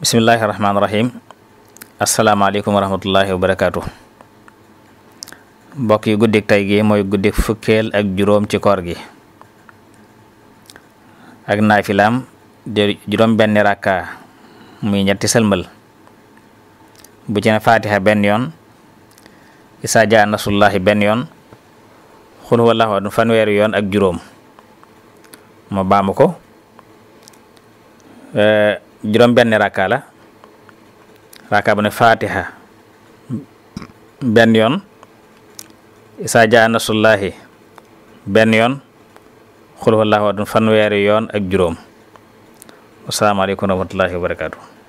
bismillahi rahmaani rahim asalaamaaleykum wa rahmatullahi wa barakaatu mbokk yi guddik tey gi mooy guddik fukkeel ak juróom ci koor gi ak naafilaam juróom benn rakka muy ñetti sëlmal bu ci ne fatiha benn yoon isaa jaa nasullahi benn yoon xul huwallahu ahad fanweeri yoon ak juróom ma baamu ko juróom benn rakka la rakka bu ne fatiha benn yoon isaa jaa nasullaahi benn yoon xul huwallaahu ahadun fanweeri yoon ak juróom wasalaamaaleykum wa rahmatullaahi wa barakaatu